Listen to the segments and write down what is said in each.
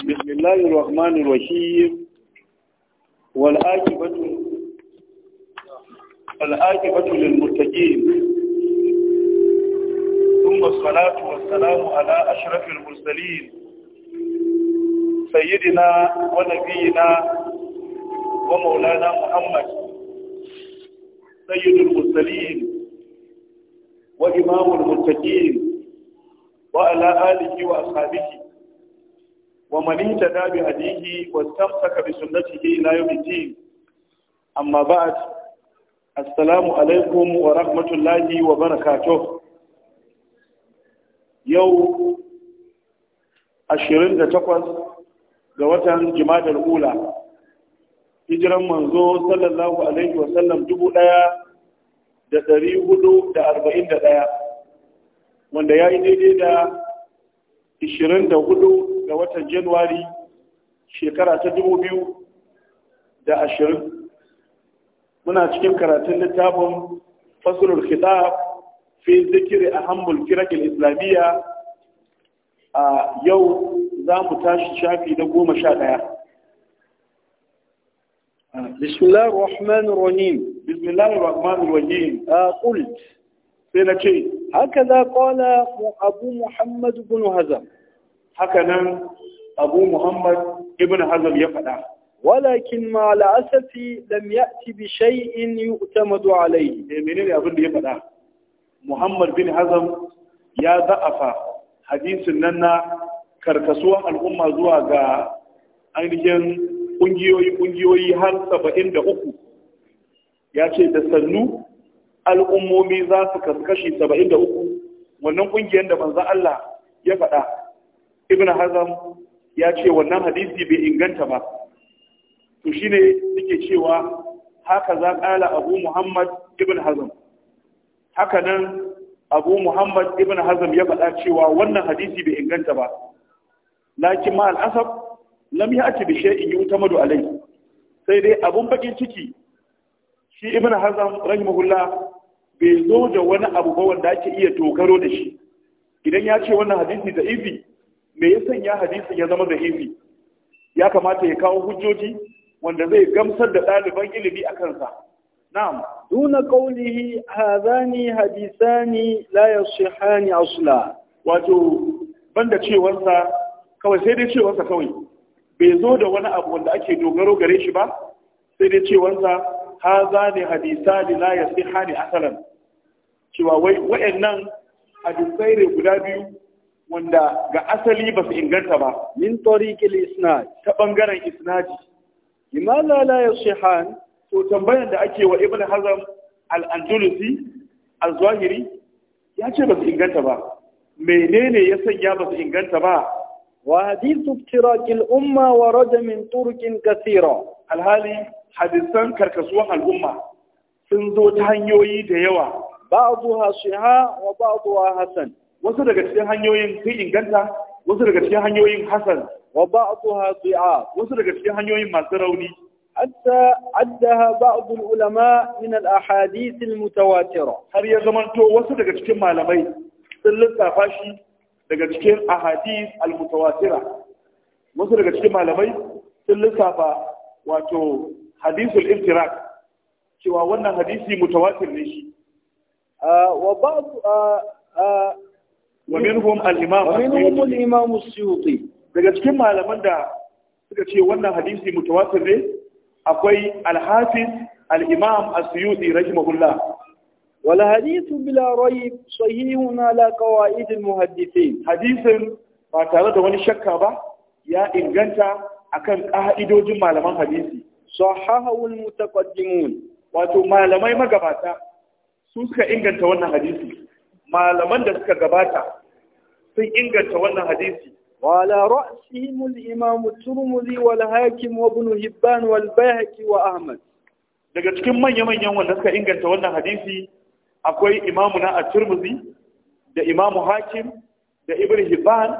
بسم الله الرحمن الرحيم والآكبة الآكبة للمتقين ثم الصلاة والسلام على أشرف المرسلين سيدنا ونبينا ومولانا محمد سيد المرسلين وإمام المتقين وعلى آله وأصحابه ومن اهتدى بهديه واستمسك بسنته الى يوم الدين اما بعد السلام عليكم ورحمه الله وبركاته يوم 28 ga watan jimadar ula hijiran manzo sallallahu alaihi wasallam dubu daya da dari hudu da arba'in da daya wanda ya yi daidai da ishirin da hudu ga watan januwari shekara ta dubu biyu da ashirin muna cikin karatun littafin fasulul kitab fi zikiri a hambul kirakin islamiyya a yau za mu tashi shafi na goma sha ɗaya بسم الله الرحمن الرحيم بسم الله الرحمن الرحيم قلت سنتي هكذا قال ابو محمد بن هزم Hakanan abu muhammad ibn hazm ya faɗa walakin ma la'asafi lam ya'ti bi shay'in yu'tamadu alayhi eh menene abin da ya faɗa muhammad bin hazam ya za'afa hadisin nan na karkasuwan al'umma zuwa ga ainihin ƙungiyoyi ƙungiyoyi har saba'in da uku ya ce da sannu al'ummomi za su kaskashi saba'in da uku wannan ƙungiyar da manzan Allah ya faɗa ibn hazm ya ce wannan hadisi bai inganta ba to shine nake cewa haka za kala abu muhammad ibn hazm haka nan abu muhammad ibn hazm ya faɗa cewa wannan hadisi bai inganta ba lakin ma al'asab lam ya ci bishe in yi wuta madu alai sai dai abun bakin ciki shi ibn hazm rahimahullah bai zo da wani abu ba wanda ake iya dogaro da shi idan ya ce wannan hadisi da izi me ya sanya hadisin ya zama da da'ifi ya kamata ya kawo hujjoji wanda zai gamsar da ɗaliban ilimi a kansa na'am duna qawlihi hadani hadisani la yasihani asla wato banda cewarsa kawai sai dai cewarsa kawai bai zo da wani abu wanda ake dogaro gare shi ba sai dai cewarsa hadani hadisani la yasihani asalan cewa wai wayannan hadisai ne guda biyu wanda ga asali ba su inganta ba min tariqil isnad ta bangaren isnadi limaza la yasihan to tambayan da ake wa ibn hazm al-andalusi al-zahiri ya ce ba su inganta ba menene ya sanya ba su inganta ba wa hadithu iftiraqil umma wa raja turqin kathira alhali hadisan karkasuwar al'umma sun zo ta hanyoyi da yawa ba'dha shiha wa ba'dha hasan wasu daga cikin hanyoyin sun inganta wasu daga cikin hanyoyin hasan wa ba'dha dhi'a wasu daga cikin hanyoyin masu rauni hatta addaha ba'd ulama min al ahadith al mutawatira har ya zamanto wasu daga cikin malamai sun lissafa shi daga cikin ahadith al mutawatira wasu daga cikin malamai sun lissafa wato hadithul iftirak cewa wannan hadisi mutawatir ne shi wa ba'd wa minhum al-imam wa minhum al daga cikin malaman da suka ce wannan hadisi mutawatir ne akwai al-hafiz al-imam as-suyuti rahimahullah wal hadithu bila rayb sahihun ala qawaid al-muhaddithin hadisin ba tare da wani shakka ba ya inganta akan ka'idojin malaman hadisi sahahu al-mutaqaddimun wato malamai magabata su suka inganta wannan hadisi malaman da suka gabata sun inganta wannan hadisi وعلى رأسهم الإمام الترمذي والهاكم وابن bayhaqi wa Ahmad. daga cikin manya-manyan wanda suka inganta wannan hadisi akwai imamu na at-Tirmidhi da imamu Hakim da Ibn Hibban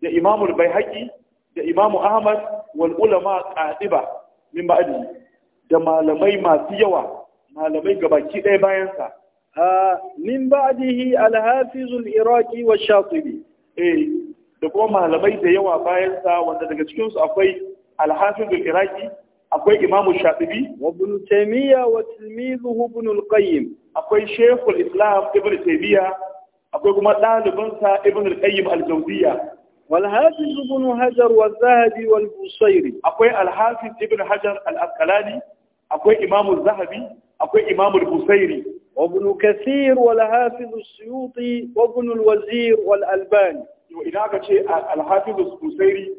da imamu al bayhaqi da imamu Ahmad wal ulama qadiba min ba'di da malamai masu yawa malamai gabaki ɗaya bayan sa min ba'dihi al-hafiz al-iraqi wa shatibi eh da kuma malamai da yawa bayan sa wanda daga cikin su akwai al-hafiz al-iraqi akwai imam shatibi wa ibn taymiya wa tilmizuhu ibn al-qayyim akwai shaykh al-islam ibn taymiya akwai kuma ɗalibin sa ibn al-qayyim al-jawziyya wal hafiz hajar wa zahabi wal busairi akwai al-hafiz hajar al-asqalani akwai imamu zahabi akwai imam busairi وابن كثير والحافظ السيوطي وابن الوزير والألباني إذا كنت الحافظ السيري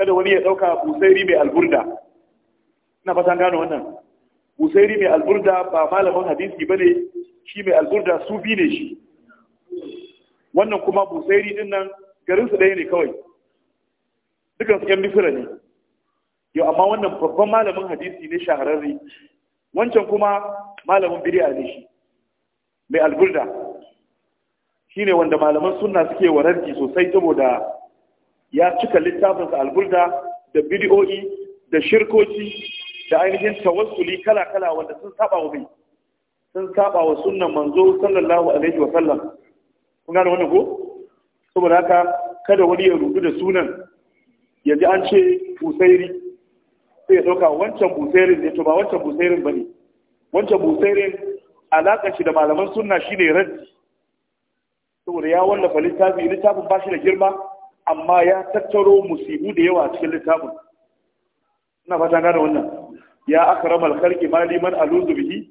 kada wani ya ɗauka busairi mai alburda Ina fatan gano wannan busairi mai alburda ba malamin hadisi ba ne shi mai alburda sufi ne shi wannan kuma busairi din nan garinsu ɗaya ne kawai dukan su ‘yan misira ne yau amma wannan babban malamin hadisi ne shahararri wancan kuma malamin biri'a ne shi mai shi shine wanda malaman suna suke wararki sosai saboda ya cika littafinsa albulda da bidiyoyi da shirkoci da ainihin tawassuli kala-kala wanda sun saba wa mai sun saba wa sunan manzo sallallahu alaihi wa sallam kun gane wannan ko saboda haka kada wani ya rubu da sunan yanzu an ce busairi sai ya dauka wancan busairin ne to ba wancan busairin bane wancan busairin Alaƙa shi da malaman suna ne shine raddi saboda ya wallafa littafi littafin ba shi da girma amma ya tattaro musibu da yawa a cikin littafin ina fata da wannan ya aka al-khalqi maliman aluzu bihi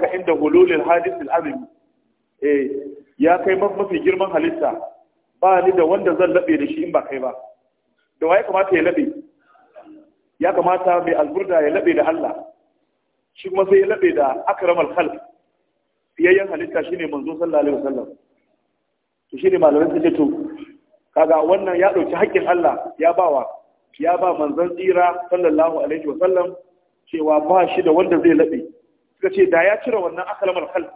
ka inda hululil hadis al'amin eh ya kai mafi girman halitta ba ni da wanda zan laɓe da shi in ba kai ba da waye kamata ya laɓe? ya kamata mai alburda ya laɓe da Allah shi kuma sai ya laɓe da akramal khalq fiyayyen halitta shine manzo sallallahu alaihi wasallam to shine malamin sai to kaga wannan ya dauki haƙƙin Allah ya bawa ya ba manzon tsira sallallahu alaihi wasallam cewa ba shi da wanda zai laɓe. suka ce da ya cire wannan akramal khalq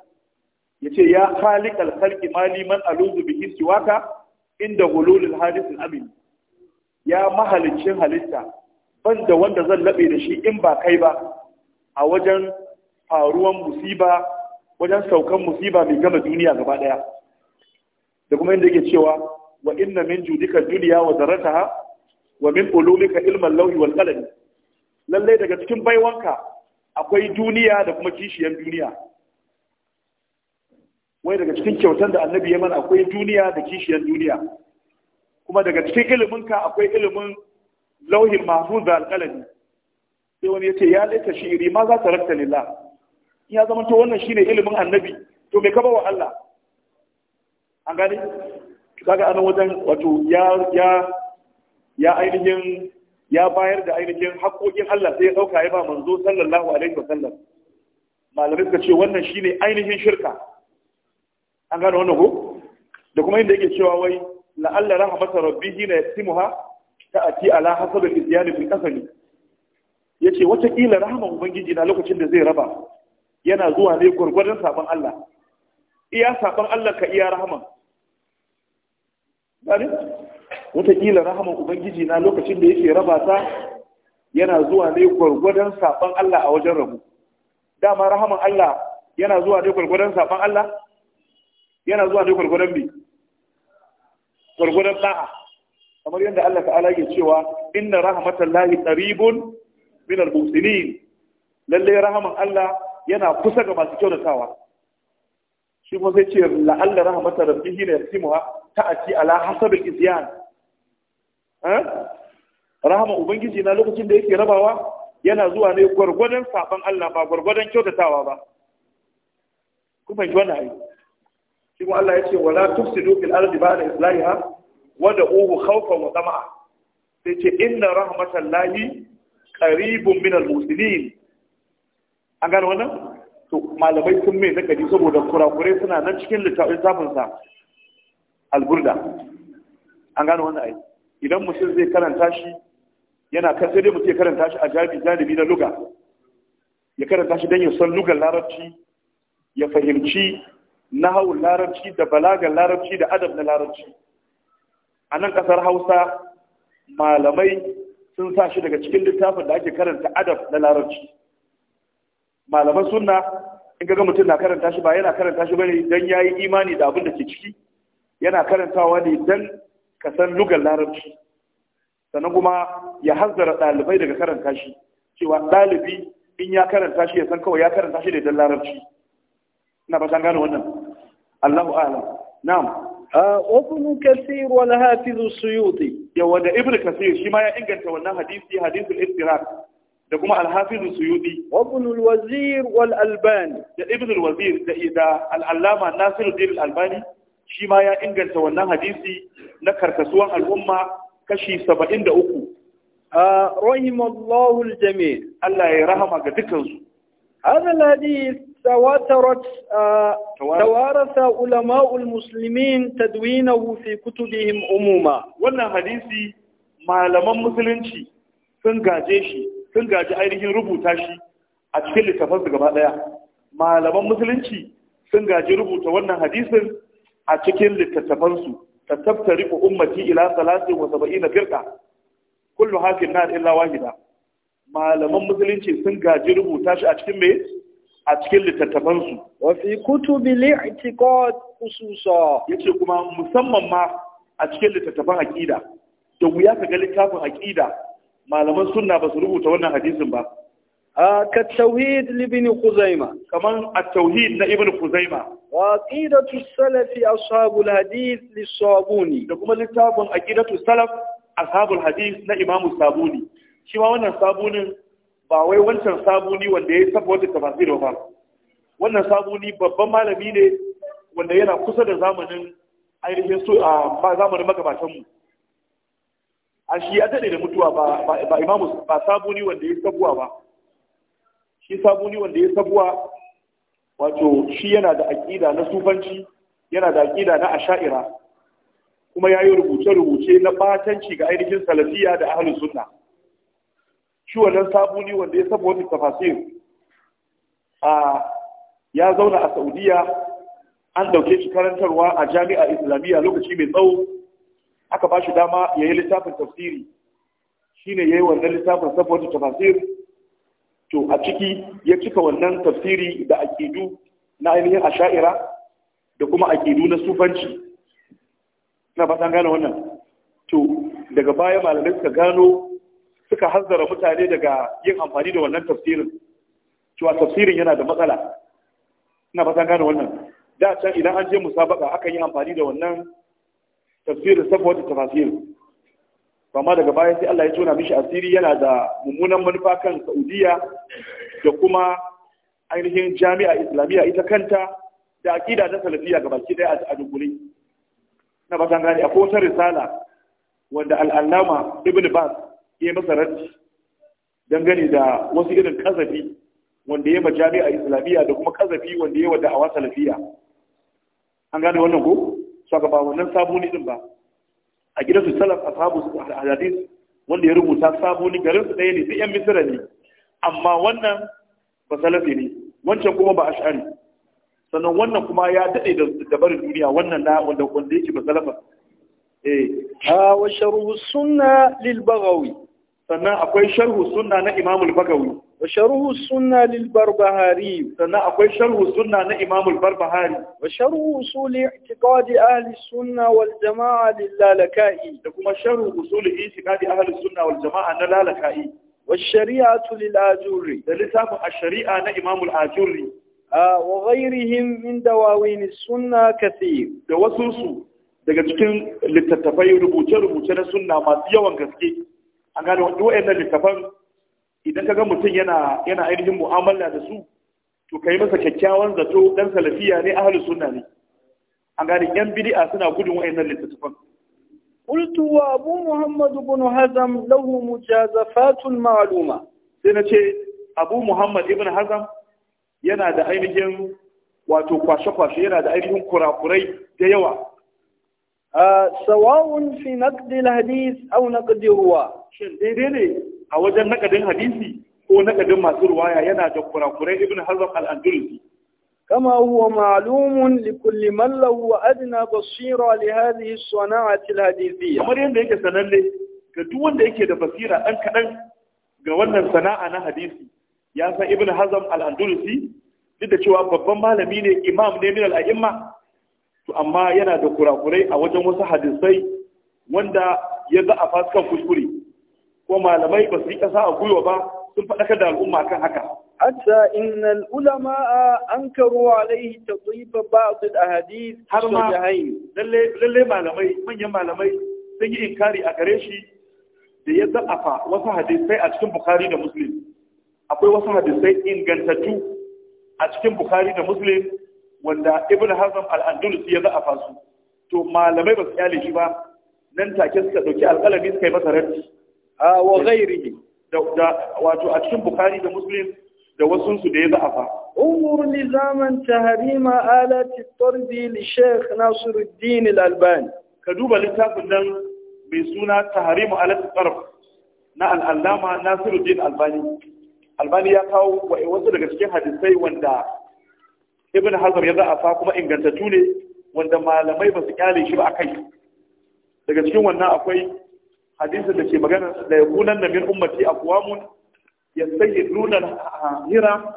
ce ya khaliqal khalqi maliman aluzu bihi siwaka inda hululul hadith amin ya mahalicin halitta ban da wanda zan laɓe da shi in ba kai ba a wajen faruwan musiba wajen saukan musiba mai gama duniya gaba daya da kuma inda yake cewa wa inna min judika duniya wa zarataha wa min ululika ilman lauhi wal qalami lalle daga cikin baiwanka akwai duniya da kuma kishiyar duniya wai daga cikin kyautar da annabi ya mana akwai duniya da kishiyan duniya kuma daga cikin iliminka akwai ilimin lauhin mahfuz da alqalami sai wani ya ce ya laita iri ma za ta rakta lillah ya zama to wannan shine ilimin annabi to me kaba wa Allah an gane kaga anan wajen wato ya ya ya ainihin ya bayar da ainihin haƙoƙin Allah sai ya ɗauka ya ba manzo sallallahu alaihi wa sallam malamai suka ce wannan shine ainihin shirka an gane wannan ko da kuma inda yake cewa wai la'alla rahmatar rabbihi na yasimuha ta'ati ala hasabil izyani bil kasani ya ce watakila rahaman ubangiji na lokacin da zai raba yana zuwa ne gwargwadon sabon Allah iya sabon Allah ka iya rahaman gani watakila rahaman ubangiji na lokacin da yake raba ta yana zuwa ne gwargwadon sabon Allah a wajen rabu dama rahaman Allah yana zuwa ne gwargwadon sabon Allah yana zuwa ne gwargwadon bi gwargwadon da'a kamar yadda Allah ta'ala ke cewa inna rahmatallahi qaribun min al-muhsinin lalle rahaman Allah yana kusa ga masu kyautatawa shi kuma sai ce la'alla rahmatar rabbihi la yasimuha ta'ati ala hasabil izyan eh? rahama ubangiji na lokacin da yake rabawa yana zuwa ne gwargwadon saban Allah ba gwargwadon kyautatawa ba kuma ji wannan ayi shi kuma Allah ya ce wala tufsidu fil ardi ba'da islahiha wa da'uhu khawfan wa tama'a sai ce inna rahmatallahi قريب من المسلمين an gane wannan to malamai sun mai gari saboda kurakurai suna nan cikin littafin sa Alburda, an gane wannan ai idan mutum zai karanta shi yana kan sai dai mutum ya karanta shi a jami jalibi na luga ya karanta shi don ya san lugar larabci ya fahimci nahawun larabci da balagar larabci da adab na larabci a nan kasar hausa malamai sun sa shi daga cikin littafin da ake karanta adab na larabci malaman sunna in ga mutum na karanta shi ba yana karanta shi bane dan yayi imani da abin da ke ciki yana karantawa ne dan ka san lugar larabci sannan kuma ya hanzara ɗalibai daga karanta shi cewa ɗalibi in ya karanta shi ya san kawai ya karanta shi ne dan larabci ina ba san gane wannan Allahu a'lam na'am وابن كثير Yau, da Ibn kasir shi ma ya inganta wannan hadisi hadisul iftirak da kuma al-hafiz suyudi wa al-wazir wal albani da ibn al-wazir da ida al-allama nasiruddin al-albani shi ma ya inganta wannan hadisi na karkasuwan al'umma kashi 73 rahimallahu al-jami' Allah ya rahama ga dukansu hadha hadith تواترت توارث علماء المسلمين تدوينه في كتبهم عموما wannan hadisi malaman musulunci sun gaje shi sun gaje ainihin rubuta shi a cikin littafin su gaba daya malaman musulunci sun gaji rubuta wannan hadisin a cikin littattafan su tattaftari ummati ila salati wa sab'ina firqa kullu hakin nar illa wahida malaman musulunci sun gaji rubuta shi a cikin me a cikin littattafansu. Wa fi kutubi li'tiqad Ya Yace kuma musamman ma a cikin littattafan aqida. Da wuya ka ga littafin aqida malaman sunna ba su rubuta wannan hadisin ba. ka tauhid libin kuzaima Kamar a tauhid na ibn kuzaima wa aqidatu salafi ashabul hadith sabuni. da kuma littafin aqidatu salaf ashabul hadis na Imamu sabuni shi ma wannan sabunin ba wai wancan sabuni wanda ya yi saboda tafasir ba wannan sabuni babban malami ne wanda yana kusa da zamanin ainihin su a zamanin magabatanmu a shi ya daɗe da mutuwa ba imamu ba sabuni wanda ya yi sabuwa ba shi sabuni wanda ya yi sabuwa wato shi yana da aƙida na sufanci yana da aƙida na asha'ira kuma ya yi rubuce-rubuce na batanci ga ainihin salafiya da ahalin sunna shi wannan sabuni wanda ya saba wani tafasir a ya zauna a saudiya an dauke shi karantarwa a jami'a islamiyya lokaci mai tsawo aka ba shi dama ya yi littafin tafsiri shine ya yi wannan littafin saba wani tafasir to a ciki ya cika wannan tafsiri da aƙidu na ainihin asha'ira da kuma aƙidu na sufanci na fatan gane wannan to daga baya malamai suka gano suka hanzara mutane daga yin amfani da wannan tafsirin cewa tafsirin yana da matsala ina fatan gane wannan da can idan an je musabaka akan yi amfani da wannan tafsirin saboda Ba ma daga baya sai Allah ya tona mishi asiri yana da mummunan manufa kan Saudiya da kuma ainihin jami'a islamiyya ita kanta da aƙida ta salafiya ga baki ɗaya a dubbule na ba san gane akwai wata risala wanda al'allama ibn bas ya masa don dangane da wasu irin kazafi wanda ya majami a islamiyya da kuma kazafi wanda ya wada wasa lafiya. an gane wannan ko saka ba wannan sabuni din ba a gidan su salaf ashabu hadis wanda ya rubuta sabuni garin su ɗaya ne sai yan misira ne amma wannan ba salafi ne wancan kuma ba ash'ari sannan wannan kuma ya daɗe da dabarin duniya wannan na wanda wanda yake ba salafa eh ha wa sharhu sunna lil baghawi sannan akwai sharhu sunna na Imam al-Bagawi wa sharhu sunna lil Barbahari sannan akwai sharhu sunna na Imam al-Barbahari wa sharhu usul i'tiqadi ahli sunna wal jama'a lil Lalaka'i da kuma sharhu usul i'tiqadi ahli sunna wal jama'a na Lalaka'i wa shari'atu lil Ajuri da littafin ash-shari'a na Imam al-Ajuri wa ghayrihim min dawawin sunna kathir da wasu su daga cikin littattafai rubuce-rubuce na sunna masu yawan gaske an gane na littafan idan ka ga mutum yana ainihin mu'amala da su to ka yi masa kyakkyawan zato dan salafiya ne ahlus sunna ne an gane yan bid'a suna gudun na littafan قلت وابو محمد بن هزم له مجازفات معلومه sai na ce abu muhammad ibn hazam yana da ainihin wato kwashe-kwashe yana da ainihin kurakurai da yawa sawa'un fi naqdil hadith aw naqdi ruwa shin daidai ne a wajen naqadin hadisi ko naqadin masu ruwaya yana da kurakurai ibn hazm al-andalusi kulli man lahu adna basira li hadhihi بصيرة لهذه al-hadithiyya kamar yadda yake sananne ga duk wanda yake da basira ɗan kaɗan ga wannan sana'a na hadisi ya san ibn hazm al-andalusi duk da cewa babban malami ne imam ne min al-a'imma to amma yana da kurakurai a wajen wasu hadisai wanda ya za a fasikan kuskure ko malamai ba su yi kasa a gwiwa ba sun faɗaka da al'umma kan haka hatta innal ulama wa alaihi tadhif su da hadis har ma lalle malamai manyan malamai sun yi inkari a gare shi da ya za'afa wasu hadisai a cikin bukari da muslim akwai wasu hadisai ingantattu a cikin bukari da muslim wanda ibn hazm al-andalus ya za'a fasu to malamai ba su kyale shi ba nan take suka dauki alƙalami suka yi masa raddi a wa ghairihi da wato a cikin bukhari da muslim da wasu su da ya za'a fa umur zaman tahrima alati tarbi li shaykh nasiruddin al-albani ka duba littafin nan mai suna tahrimu alati tarb na al-allama nasiruddin albani albani ya kawo wasu daga cikin hadisai wanda ibn hazm ya za'afa kuma ingantattu ne wanda malamai ba su kyale shi ba a kai daga cikin wannan akwai hadisin da ke magana da ya kunan da min ummati aqwamun yastahiluna hira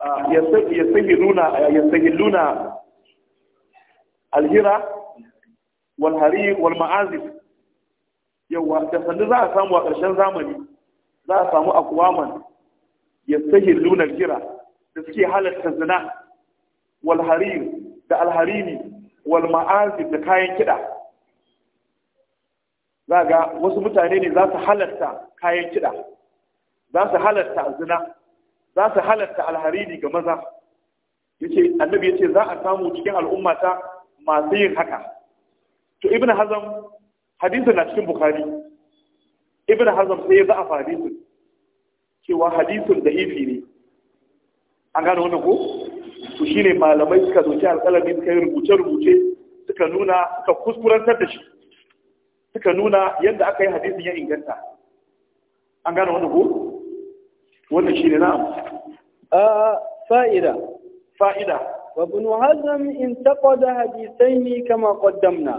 ah, yastahiluna yastahiluna alhira wal hari wal ma'azif yawa da sanda za a samu a ƙarshen zamani za a samu aqwaman yastahiluna alhira. da suke halatta zina wal harir da AlHarini wal ma'azib da kayan kiɗa za ga wasu mutane ne za su halatta kayan kiɗa za su halatta zina za su halatta AlHarini ga maza yace annabi yace za a samu cikin al'ummata masu yin haka to ibnu hazam hadisin na cikin bukhari ibnu hazam sai za a fa hadisin cewa hadisin da ifi ne an gane wannan ko to shine malamai suka zoci alƙalami suka yi rubuce-rubuce suka nuna suka kuskurantar da shi suka nuna yadda aka yi hadisin ya inganta an gane wannan ko wannan shine na'am fa'ida fa'ida وابن حزم انتقد حديثين كما قدمنا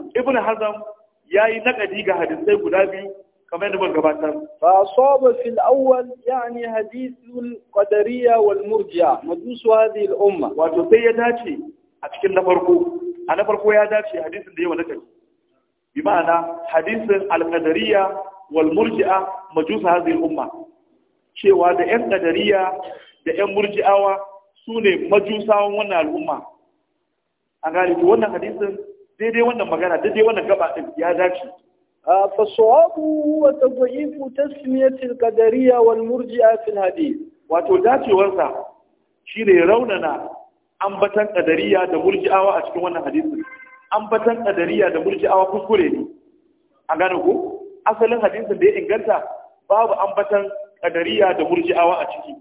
Hazan ya yayi nakadi ga hadisai guda biyu kamar yadda gabatar fa asaba fil awwal yani hadithul qadariyya murji'a majus hadhihi al wato sai ya dace a cikin na farko a na farko ya dace hadisin da yawa na kai bi ma'ana hadisin al murji'a majus hadhihi al cewa da yan qadariyya da yan murji'awa sune majusawan wannan al'umma a gari wannan hadisin daidai wannan magana daidai wannan gaba ya dace فالصواب هو تضعيف تسمية القدرية والمرجعة في الحديث وتوداتي ورسا شيري روننا أنبتن قدرية دا مرجئة وأشكوانا حديث أنبتن قدرية دا مرجئة وكسكولي أغانوكو أصلا حديث دي إنجلتا باب أنبتن قدرية دا مرجئة وأشكي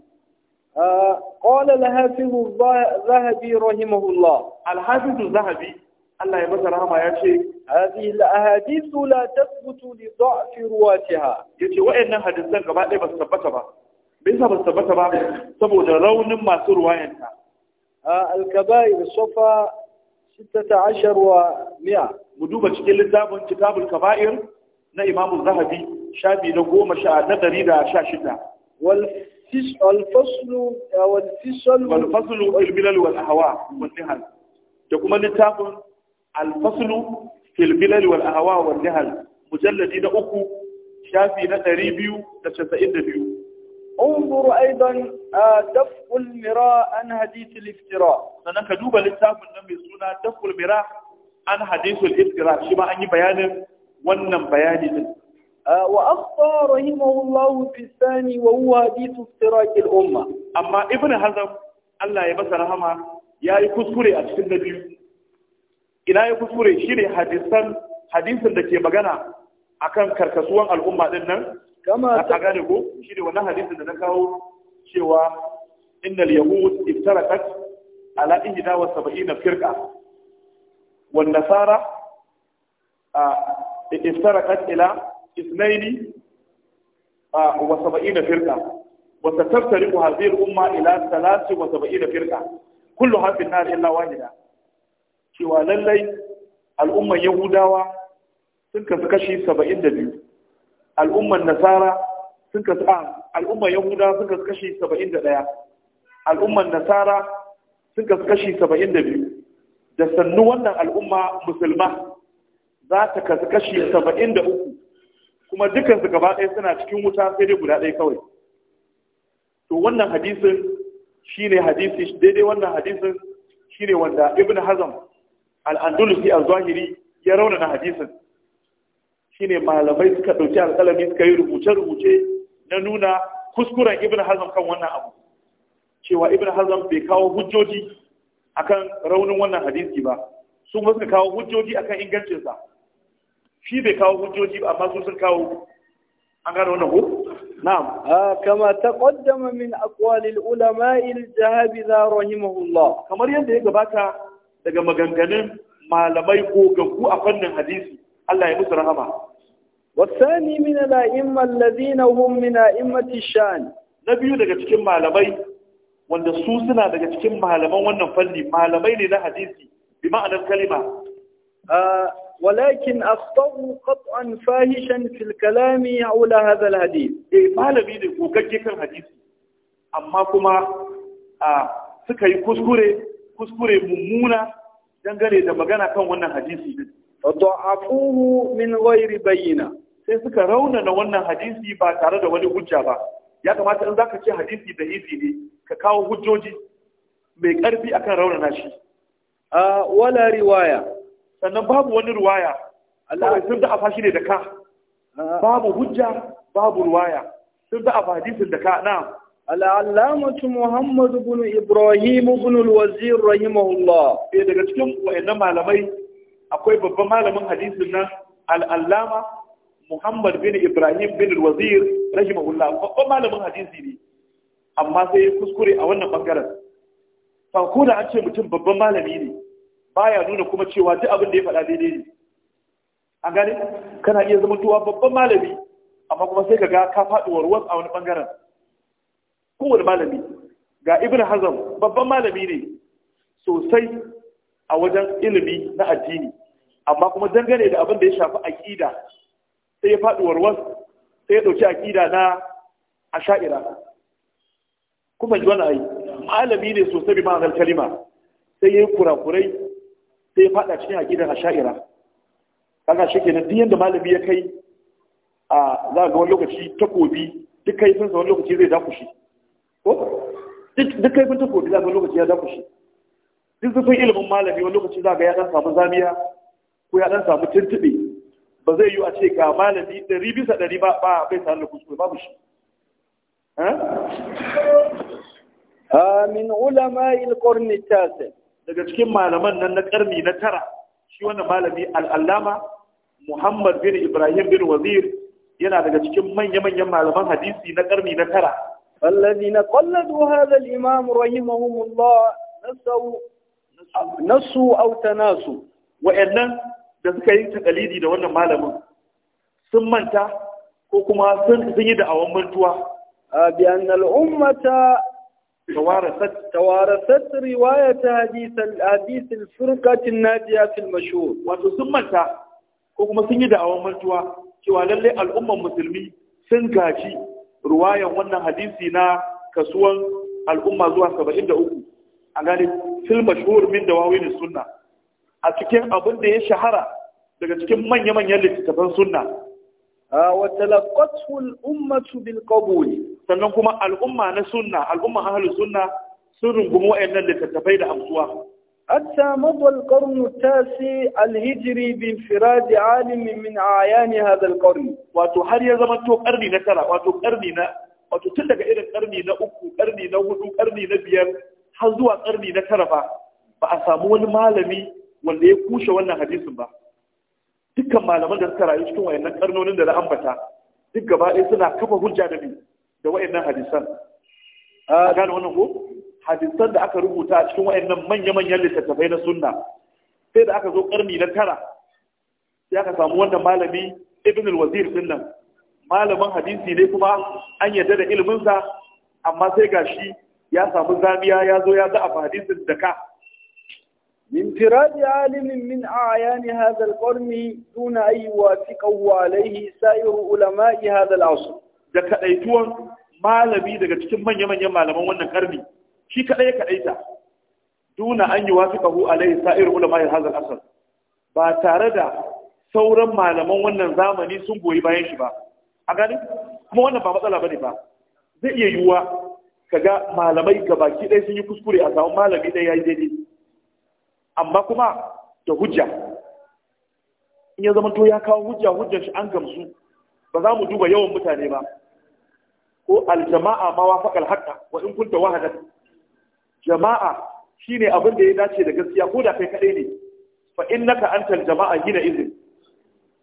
قال الحافظ الذهبي رحمه الله الحافظ الذهبي Allah ya masa rahama ya ce hadhihi al-ahadith la tathbutu li da'f ruwatiha yace wa'annan hadisan gaba ɗaya ba su tabbata ba bai sa ba su tabbata ba saboda raunin masu ruwayanta al-kaba'ir safa 16 wa 100 mu duba cikin littafin kitabul kaba'ir na imamu zahabi shafi na goma sha na dari da sha shida والفصل والفصل والفصل في الملل والأهواء والنهل da kuma littafin alfaslu fil bilal wal ahwa wal jahl mujalladi na uku shafi na 292 انظر ايضا دفع المراء عن حديث الافتراء sannan ka duba littafin nan mai suna دفع an عن حديث shima shi ma an yi bayanin wannan bayani din واخطا رحمه الله في الثاني وهو حديث افتراء Umma. amma ibn hazm Allah ya masa rahama yayi kuskure a cikin nabi ina ya kusure shi ne hadisan da ke magana a kan karkasuwan al'umma ɗin nan a gane ko shi ne wani hadisan da na kawo cewa innal yahud iftarakat ala ihda wa na firqa wan nasara a iftarakat ila ithnaini wa saba'ina firqa wa tatafariqu hadhihi al-umma ila thalath wa saba'ina firqa kullu hafin nar illa wahida cewa lallai al'ummar yahudawa sun kasu kashi saba'in da biyu al'ummar nasara sun kasu a al'ummar yahudawa sun kasu kashi saba'in da ɗaya al'ummar nasara sun kasu kashi saba'in da biyu da sannu wannan al'umma musulma za ta kasu kashi saba'in da uku kuma dukansu gaba ɗaya suna cikin wuta sai dai guda ɗaya kawai to wannan hadisin shine hadisi daidai wannan hadisin shine wanda ibn hazam al-andalusi al-zahiri ya raunana hadisin shine malamai suka dauki alƙalami suka yi rubuce-rubuce na nuna kuskuren ibn hazm kan wannan abu cewa ibn hazm bai kawo hujjoji akan raunin wannan hadisi ba su suka kawo hujjoji akan ingancinsa shi bai kawo hujjoji ba amma su sun kawo an gano wannan ko na'am kama taqaddama min aqwalil ulama'i al-jahabi rahimahullah kamar yadda ya gabata daga maganganun malamai gogaggu a fannin hadisi Allah ya musu rahama wasani min al-a'imma alladhina hum min a'immati shan na biyu daga cikin malamai wanda su suna daga cikin malaman wannan fanni malamai ne na hadisi bi ma'anar kalima ولكن أخطأوا قطعا فاهشا في الكلام حول هذا الحديث إيه malami ne ko gaggikan hadisi amma kuma a ah, suka yi kuskure kuskure mummuna dangane da magana kan wannan hadisi din fadha'afuhu min ghairi bayyina sai suka raunana wannan hadisi ba tare da wani hujja ba ya kamata in zaka ce hadisi da izi ne ka kawo hujjoji mai karfi akan raunana shi a wala riwaya sannan babu wani riwaya Allah sun da afashi ne da ka babu hujja babu riwaya sun da afadisin da ka na'am al'allamatu Muhammadu bin Ibrahim bin al rahimahullah eh daga cikin wayannan malamai akwai babban malamin hadisin nan al'allama Muhammad bin Ibrahim bin al rahimahullah babban malamin hadisi ne amma sai ya kuskure a wannan bangaren fa ko da an ce mutum babban malami ne baya nuna kuma cewa duk abin da ya faɗa daidai ne an gane kana iya zama babban malami amma kuma sai ka ga ka faɗi warwas a wani bangaren kowane malami ga ibn hazam babban malami ne sosai a wajen ilimi na addini amma kuma dangane da abin da ya shafi aƙida sai ya faɗi warwas sai ya ɗauki aƙida na asha'ira kuma ji wani ayi malami ne sosai bi ma'anar kalima sai ya yi kurakurai sai ya faɗa cikin aƙidar asha'ira kaga shi kenan duk yadda malami ya kai a za ga wani lokaci takobi duk kai sun wani lokaci zai dakushi ko duk kai kun tafi za ga lokaci ya dafu shi duk zafin ilimin malami wani lokaci za ga ya dan samu zamiya ko ya dan samu tuntube ba zai yi a ce ga malami ɗari bisa ɗari ba ba bai sanar da kuskure babu shi min ulama ilkorni tasa daga cikin malaman nan na karni na tara shi wannan malami al'allama muhammad bin ibrahim bin wazir yana daga cikin manya-manyan malaman hadisi na karni na tara فالذين قلدوا هذا الإمام رحمهم الله نسوا نسوا أو تناسوا وإنن da suka yi takalidi da wannan malamin sun manta ko kuma sun yi da awon mantuwa bi annal ummata توارثت توارثت رواية حديث الحديث الفرقة الناجية في المشهور وتسمتا كما سنجد أو مرتوى cewa lallai al'ummar musulmi sun gaji ruwayan wannan hadisi na kasuwan al'umma zuwa 73 an gane fil mashhur min dawawin sunna a cikin abin da ya shahara daga cikin manya-manyan littattafan sunna wa talaqqathu al-ummatu bil qabul sannan kuma al'umma na sunna al'umma ahlus sunna sun rungumi wayannan littattafai da amsuwa حتى مضى القرن التاسع الهجري بانفراد عالم من أعيان هذا القرن وتحر يزمن تو قرني نترى وتو قرني نا وتو تلقى إلى قرني نا أكو قرني نا ودو قرني نا بيان حزوا قرني نترى با فأسامو المالمي wanda ya kushe wannan hadisin ba dukkan malaman da suka rayu cikin wayannan karnonin da na ambata duk gaba ɗaya suna kafa hujja da bi da wayannan hadisan a gane wannan ko hadisan da aka rubuta a cikin wayannan manya-manyan littattafai na sunna sai da aka zo karni na tara sai aka samu wanda malami ibn al-wazir din nan malamin hadisi ne kuma an yarda da sa amma sai gashi ya samu zamiya ya zo ya za a hadisin da ka بانفراد عالم من أعيان هذا القرن دون أن يوافقه عليه سائر علماء هذا العصر da kadaituwan malami daga cikin manya-manyan malaman wannan karni shi kaɗai ya ta duna an yi a alaihi sa'ir ulama ya hazar asar ba tare da sauran malaman wannan zamani sun goyi bayan shi ba a gani kuma wannan ba matsala bane ba zai iya yiwuwa Ka ga malamai ga baki ɗaya sun yi kuskure a samun malami ɗaya yi daidai amma kuma da hujja in ya zama to ya kawo hujja hujjar shi an gamsu ba za mu duba yawan mutane ba ko aljama'a ma wafaqal haka wa in kunta wahadar jama'a shine abin da ya dace da gaskiya ko da kai kadai ne fa innaka antal jama'a gina izin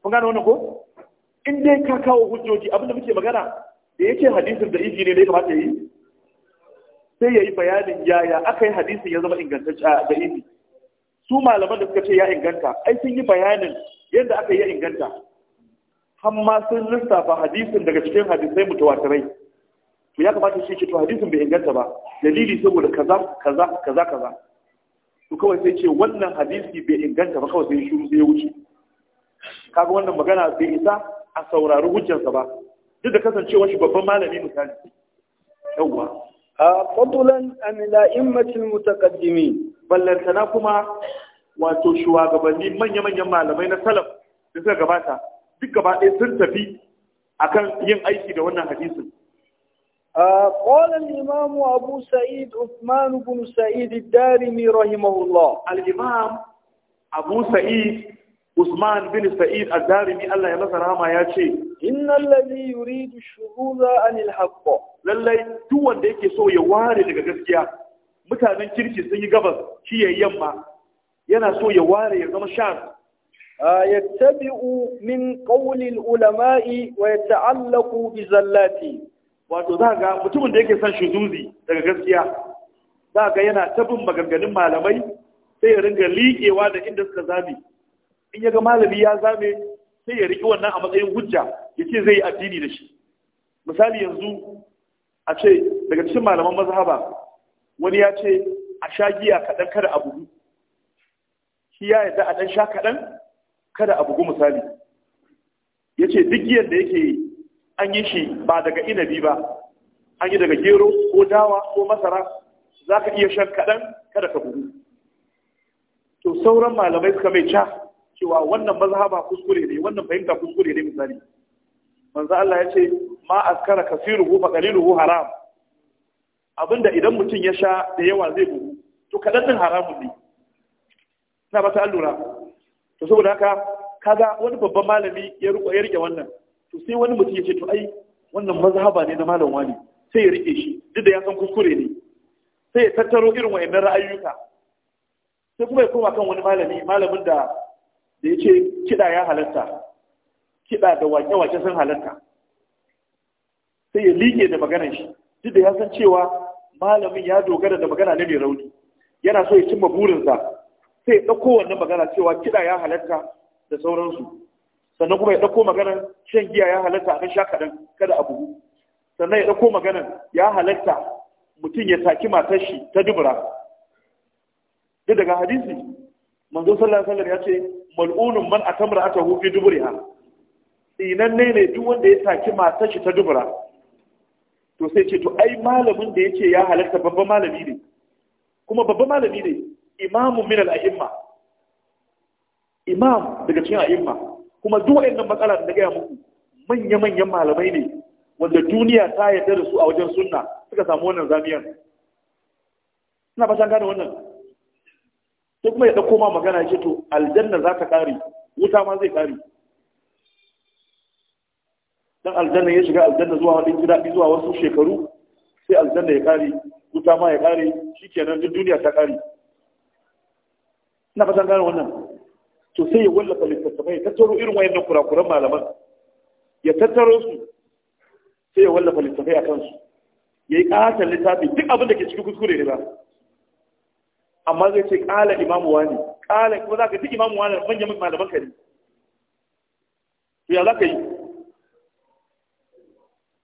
kun gane wannan ko in dai ka kawo hujjoji abin da muke magana da yake hadisin da izini ne ya kamata yi sai yayi bayanin yaya aka yi hadisin ya zama ingantacce ah, da izi su malaman da suka ce ya inganta ai sun yi bayanin yadda aka yi ya inganta amma sun lissafa hadisin daga cikin hadisai mutawatirai to ya kamata shi ce to hadisin bai inganta ba dalili saboda kaza kaza kaza kaza to kawai sai ce wannan hadisi bai inganta ba kawai sai shi sai ya wuce kaga wannan magana bai isa a saurari hujjarsa ba duk da kasancewar shi babban malami misali yawwa fadlan an la'immatil mutaqaddimin ballantana kuma wato shugabanni manya-manyan malamai na salaf da suka gabata duk gaba ɗaya sun tafi akan yin aiki da wannan hadisin آه، قال الإمام أبو سعيد عثمان بن سعيد الدارمي رحمه الله الإمام أبو سعيد عثمان بن سعيد الدارمي الله يلزره ما يأتي إن الذي يريد الشهود عن الحق للي توان ديك سو يواري لغاستيا مثلا من كيركي سنجي قبل كي يما ينا سو يواري يغم الشعر آه، يتبع من قول العلماء ويتعلق بزلاته wato za ga mutumin da yake son shuzuzi daga gaskiya za ga yana tabin maganganun malamai sai ya ringa liƙewa da inda suka zame in ya ga malami ya zame sai ya riƙi wannan a matsayin hujja ya ce zai yi addini da shi misali yanzu a ce daga cikin malaman mazhaba wani ya ce a sha giya kaɗan kada a bugu shi ya yarda a ɗan sha kaɗan kada a bugu misali ya ce duk giyar da yake an yi shi ba daga inabi ba an yi daga gero ko dawa ko masara za ka iya shan kaɗan kada ka bugu to sauran malamai suka mai ca cewa wannan mazhaba kuskure ne wannan fahimta kuskure ne misali manzo Allah ya ce ma askara kasiruhu fa qaliluhu haram abinda idan mutum ya sha da yawa zai bugu to kaɗan din haramun ne ina ba ta allura to saboda haka kaga wani babban malami ya rike wannan to sai wani mutum ya ce to ai wannan mazhaba ne na malam wani sai ya rike shi duk da ya san kuskure ne sai ya tattaro irin wayannan ra'ayoyuka sai kuma ya koma kan wani malami malamin da da ya ce kiɗa ya halatta kiɗa da wake-wake sun halatta sai ya liƙe da maganar shi duk da ya san cewa malamin ya dogara da magana ne mai rauni yana so ya cimma burinsa sai ya ɗauko wannan magana cewa kiɗa ya halatta da sauransu sannan kuma ya ɗauko maganar shan giya ya halatta a kan sha kaɗan kada a buhu sannan ya ɗauko maganar ya halatta mutum ya taki matar shi ta dubura duk daga hadisi manzo sallallahu alaihi wasallam ya ce mal'unun man atamra atahu fi duburiha inan ne ne duk wanda ya taki matar shi ta dubura to sai ce to ai malamin da yake ya halatta babban malami ne kuma babban malami ne imamu min al-a'imma imam daga cikin a'imma kuma duk waɗannan matsala da gaya muku manya-manyan malamai ne wanda duniya ta yarda da su a wajen sunna suka samu wannan zamiyar suna fatan gane wannan sai kuma ya ɗauko ma magana ya ce to aljanna za ta ƙari wuta ma zai ƙari dan aljanna ya shiga aljanna zuwa wani gida zuwa wasu shekaru sai aljanna ya ƙari wuta ma ya shi kenan duk duniya ta ƙari suna fatan gane wannan to sai ya wallafa littattafai ya tattaro irin wayannan kurakuran malaman ya tattaro su sai ya wallafa littattafai a kansu ya yi ƙatar littafi duk abin da ke cikin kuskure ne ba amma zai ce ƙala imamu wani ƙala kuma za ka duk imamu wani manyan malaman ka ne to ya za ka yi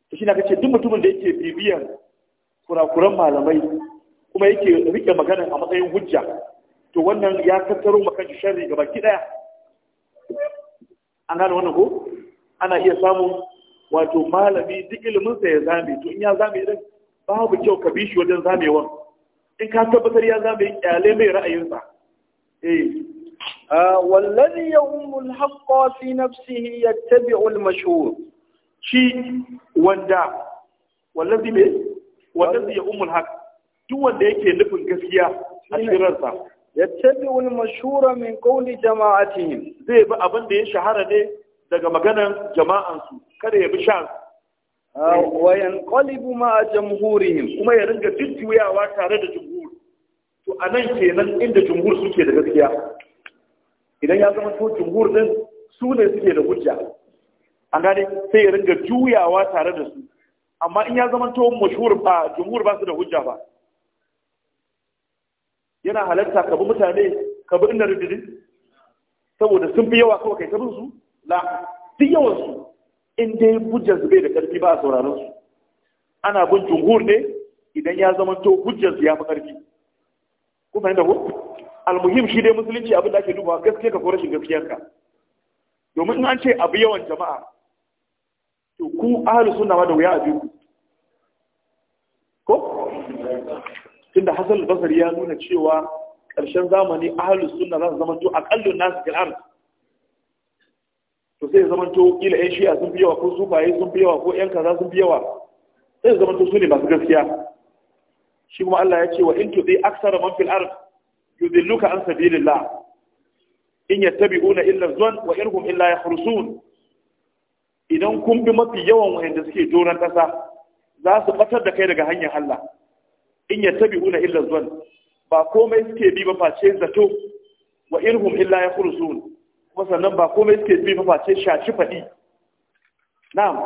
to shi na ka ce duk mutumin da yake bibiyar kurakuran malamai kuma yake rike magana a matsayin hujja to wannan ya tattaro maka sharri gaba ki daya an gane wannan ko ana iya samun wato malami duk ilimin sa ya zame to in ya zame din babu kyau ka bi shi wajen zamewa. in ka tabbatar ya zame kyale mai ra'ayinsa eh والذي يؤم الحق في نفسه يتبع المشهور شيء وندا والذي به والذي يؤم الحق duk wanda yake nufin gaskiya a cikin ransa yattabi'ul mashhura min qawli jama'atihim zai bi abin da ya shahara ne daga maganan jama'ansu kada ya bi shan ah, wa yanqalibu ma jamhurihim kuma ya ringa jujjuyawa tare da jumhur to anan kenan inda jumhur suke da gaskiya idan ya zama to jumhur din su ne suke da hujja an gane sai ya ringa juyawa tare da su amma in ya zama to mashhur ba jumhur ba su da hujja ba yana halatta ka bi mutane ka bi inna rididi saboda sun fi yawa kawai kai ta bin su la duk yawan su in dai hujjar su bai da karfi ba a sauraron su ana bin jumhur ne idan ya zama to hujjar su ya fi karfi ku fahimta ko almuhim shi dai musulunci abin da ake dubawa gaskiya ka ko rashin gaskiyarka domin in an ce abu yawan jama'a to ku ahlus sunna ma da wuya a biyu ko tunda Hassan Basri ya nuna cewa ƙarshen zamani ahlus sunna za su zama to aqallun nas fil ard to sai zama to kila ƴan shi'a sun fi yawa ko sufaye sun fi yawa ko ƴan kaza sun fi yawa sai zama to su ne masu gaskiya shi kuma Allah ya ce wa in tudai aksara man fil ard yudilluka an sabilillah in yattabi'una illa zon wa irhum illa yakhrusun idan kun bi mafi yawan wayanda suke doron ƙasa za su batar da kai daga hanyar Allah in yattabi'una illa zan ba komai suke bi ba face zato wa irhum illa ya yakhrusun kuma sannan ba komai suke bi ba face shaci fadi na'am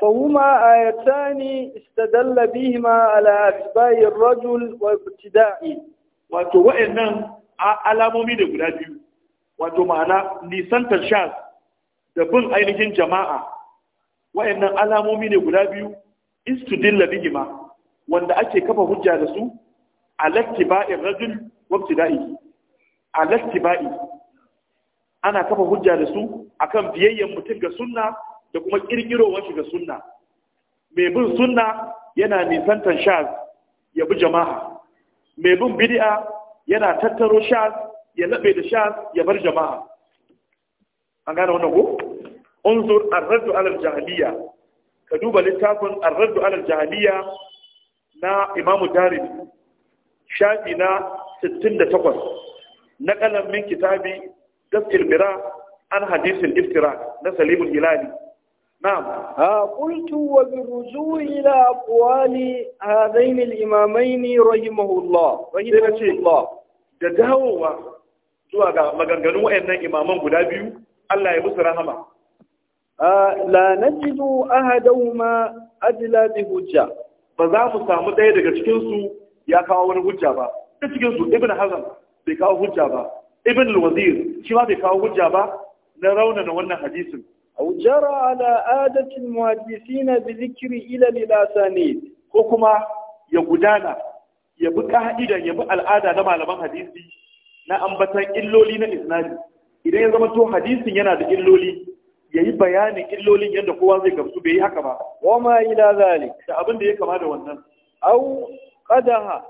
فهما آيتان استدل بهما على أشباه الرجل وابتدائه wato wa'annan alamomi da guda biyu wato ma'ana nisantar shaz da bin ainihin jama'a wa'annan alamomi ne guda biyu istudilla ma. wanda ake kafa hujja da su alattiba'i rajul wabtida'i alattiba'i ana kafa hujja da su akan biyayyen mutum ga sunna da kuma kirkirowar ga sunna mai bin sunna yana nisantar shaz ya bi jama'a mai bin bid'a yana tattaro shaz ya laɓe da shaz ya bar jama'a an gane wannan ko unzur ar-radd jahiliya ka duba littafin ar-radd jahiliya na imamu darimi shafi na 68 na kalan min kitabi gaskil Bira an hadisin iftira na salimul hilali نعم ها قلت وبالرجوع إلى أقوال هذين الإمامين رحمه الله رحمه الله تدهوا zuwa ga maganganun wayannan imaman guda biyu Allah ya musu rahama la najidu ahadahuma adla bi hujja ba za mu samu ɗaya daga cikinsu ya kawo wani hujja ba ta cikinsu ibn hazan bai kawo hujja ba ibn al-wazir shi ma bai kawo hujja ba na raunana wannan hadisin أو جرى على عادة المحدثين بذكر إلى sani. ko kuma ya gudana ya bi ka'idan ya bi al'ada na malaman hadisi na ambatan illoli na isnadi idan ya zama to hadisin yana da illoli yayi bayanin illolin yadda kowa zai gamsu bai yi haka ba wa ma ila zalik da abin da ya kama da wannan au qadaha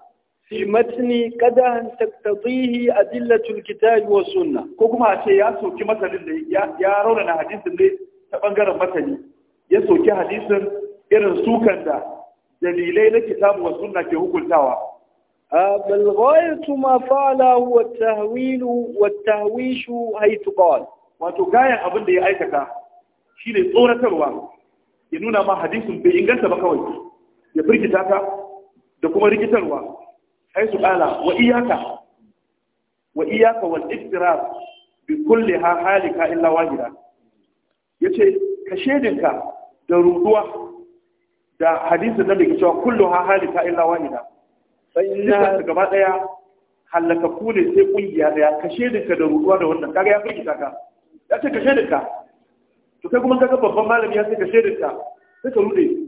fi matni qadahan taqtadihi adillatul kitab wa sunnah ko kuma a ce ya soki masalin da ya ya rauna hadisin ne ta bangaren masani ya soki hadisin irin sukan da dalilai na kitabu wa sunna ke hukuntawa بل غاية ما فعله هو التهويل والتهويش حيث wato gayan abin da ya aikata Shi ne tsoratarwa ya nuna ma hadisun bai inganta ba kawai ya firgita ka da kuma rikitarwa sai su kala wa iyaka wa iyaka wal iftirar bi kulli ha halika illa wahida yace ka shedinka da ruduwa da hadisin nan da ke cewa kullu ha halika illa wahida sai na gaba daya halaka kule ne sai kungiya daya ka shedinka da ruduwa da wannan kaga ya firgita ka yace ka shedinka to kai kuma kaga babban malami ya ce ka sai ka rude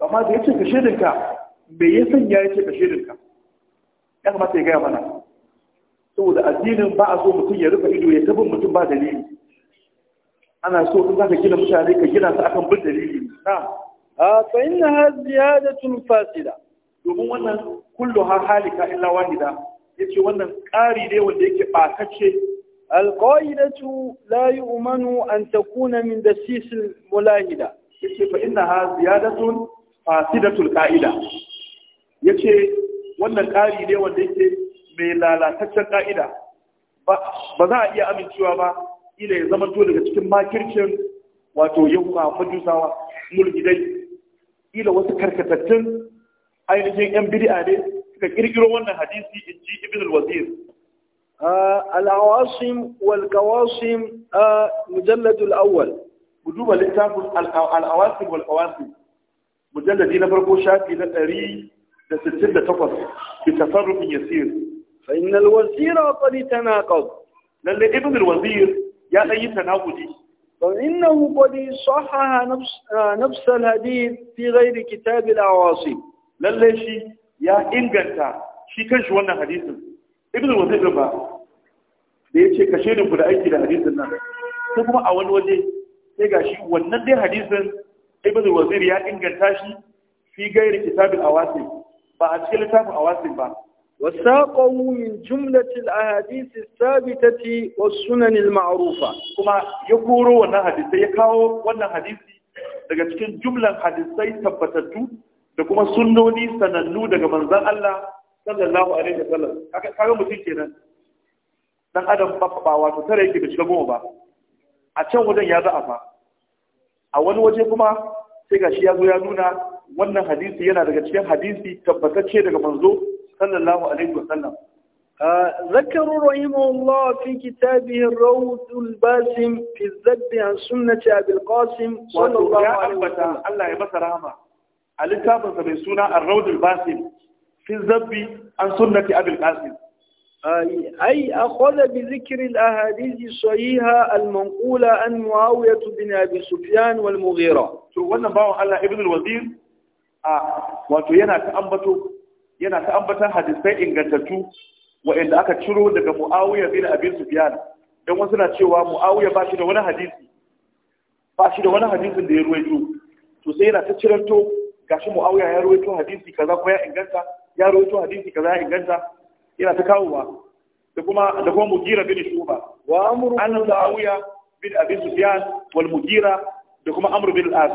amma da ya ce ka me ya sanya ya ce ka ya kamata ya gaya mana saboda addinin ba a so mutum ya rufe ido ya tabin mutum ba dalili ana so in zaka gina mutane ka gina su akan bin dalili na fa inna ha ziyadatun fasida domin wannan kullu ha halika illa wahida yace wannan ƙari ne wanda yake ɓatacce القاعدة لا يؤمن أن تكون من دسيس الملاهدة yace fa innaha ziyadatun fasidatul qa'ida yace wannan ƙari ne wanda yake mai lalataccen ƙa'ida ba za a iya amincewa ba ila ya zama to daga cikin makircin wato yawa majusawa mulkidai ila wasu karkatattun ainihin yan bid'a ne suka ƙirƙiro wannan hadisi in ji ibn al-wazir آه العواصم والقواصم آه مجلد الأول مجوبة لتاف العواصم والقواصم مجلد هنا بركو شافي لتري لستين تفض بتصرف يسير فإن الوزير قد يتناقض لأن ابن الوزير يا أي تناقضي فإنه قد صحح نفس, آه نفس الحديث في غير كتاب العواصم لأن شيء يا إنجلتا شي كان وانا حديثم ibn wazir ba da ya ce kashe ni ku aiki da hadisin nan sai kuma a wani waje sai shi wannan dai hadisin ibn wazir ya inganta shi fi gairi kitabin awasil ba a cikin littafin awasi ba وساقه sabitati wa sunanil maarufa. Kuma ya koro wannan hadisai, ya kawo wannan hadisi daga cikin jumlan hadisai tabbatattu da kuma sunnoni sanannu daga manzon Allah sallallahu alaihi wasallam kaga kaga mutum kenan dan adam ba wato tare yake da shiga goma ba a can wajen ya za'a fa a wani waje kuma sai gashi ya zo ya nuna wannan hadisi yana daga cikin hadisi tabbatacce daga manzo sallallahu alaihi wasallam ذكروا رحمه الله في كتابه الروض الباسم في الذب عن سنة أبي القاسم صلى الله عليه وسلم الله يبارك رحمه الكتاب سمي سنة الروض الباسم fi zabbi an sunnati abul qasim أي أخذ بذكر الأحاديث الصحيحة المنقولة عن معاوية بن أبي سفيان والمغيرة. شو وانا باو الله ابن الوزير wato yana ta'ambato yana ta'ambatan hadisai ingantattu wa'anda aka ciro daga Muawiya bin Abi Sufyan dan wasu na cewa Muawiya ba shi da wani hadisi da wani hadisin da ya ruwaito to sai yana ta ciranto gashi ya ruwaito hadisi kaza kuma ya inganta ya rawaito hadisi kaza ya inganta yana ta kawowa da kuma da kuma mugira bin shuba wa amru an ta'awiya bin abi sufyan wal mugira da kuma amru bin al-as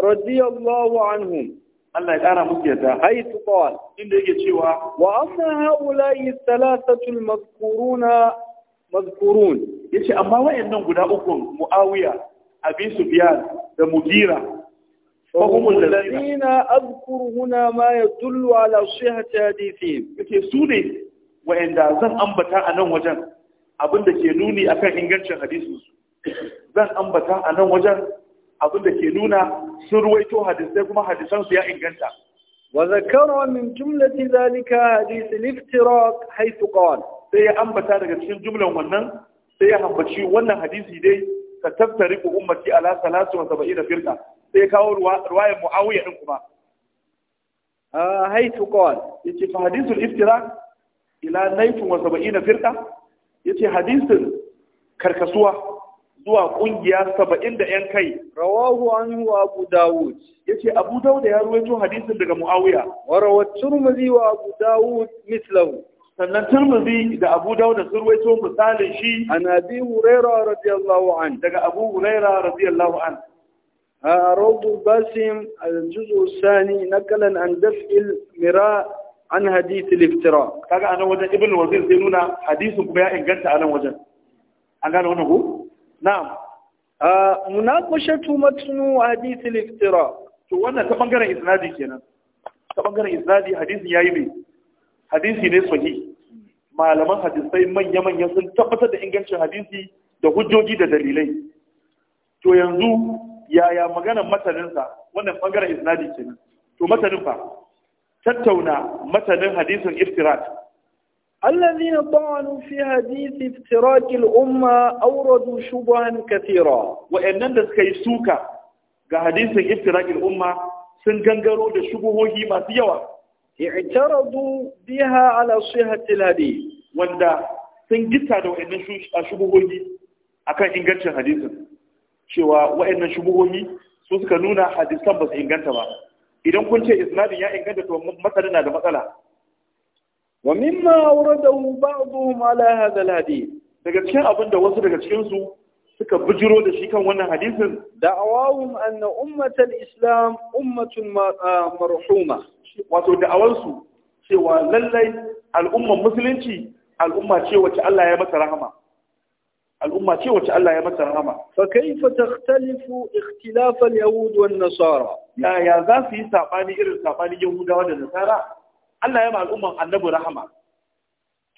radiyallahu anhum Allah ya ƙara musu yadda haitu qal inda yake cewa wa amma haula'i thalathatu al-mazkuruna mazkurun yace amma wayannan guda uku muawiya abi sufyan da mugira فهم الذين أذكر هنا ما يدل على صحة حديثهم yake su ne wa'anda zan ambata a nan wajen abin da ke nuni akan ingancin hadisinsu zan ambata a nan wajen abin da ke nuna sun ruwaito hadisai kuma hadisansu ya inganta wa zakara min jumlati zalika hadith al-iftiraq haythu qala sai ya ambata daga cikin jumlan wannan sai ya ambaci wannan hadisi dai ka tattari ummati ala sai ya kawo ruwayar muawiya din kuma haitu qal yace fa hadithul iftira ila naifin wa sab'ina firqa yace hadisin karkasuwa zuwa kungiya saba'in da ‘yan kai. Rawahu an yi wa Abu Dawud. Ya ce, Abu Dawud ya ruwaito hadisin daga Mu'awiya. Wa rawar mazi wa Abu Dawud mislahu. Sannan Turmuzi da Abu Dawud sun ruwaito misalin shi. An Abi Huraira radiyallahu an. Daga Abu Huraira radiyallahu an. روض الباسم الجزء الثاني نقلا عن دفع المراء عن حديث الافتراء kaga anan wajen ibn wazir zai nuna hadisin kuma ya inganta anan wajen an gane wannan ko na'am munaqashatu matnu hadith al-iftira to wannan ta bangaren isnadi kenan ta bangaren isnadi hadisin yayi ne hadisi ne sahih malaman hadisai manya manya sun tabbatar da ingancin hadisi da hujjoji da dalilai to yanzu yaya magana matsalinsa wannan bangaren isnadi ce to matsalin fa tattauna matsalin hadisun iftirat allazi na tsawonu fi hadisi iftirakil umma auradu shubuhan kathira wa'annan da suka yi suka ga hadisun iftirakil umma sun gangaro da shubuhohi masu yawa i'tiradu biha ala sihhatil hadith wanda sun gita da wa'annan shubuhohi akan ingancin hadisin cewa wa'annan shubuhohi su suka nuna hadisan ba su inganta ba idan kun ce isnadin ya inganta to matsalin na da matsala wa mimma awradahu ba'dhum ala hadha alhadith daga cikin abin da wasu daga cikin su suka bijiro da shi kan wannan hadisin da'awahum anna ummatal islam ummatun ah, marhuma wato su cewa lallai al'ummar musulunci al'umma ce wacce Allah ya masa rahama al'umma ce wacce Allah ya mata rahama fa kaifa takhtalifu ikhtilaf al-yahud nasara ya ya za su yi saɓani irin sabanin yahudawa da nasara Allah ya ma al'umman annabi rahama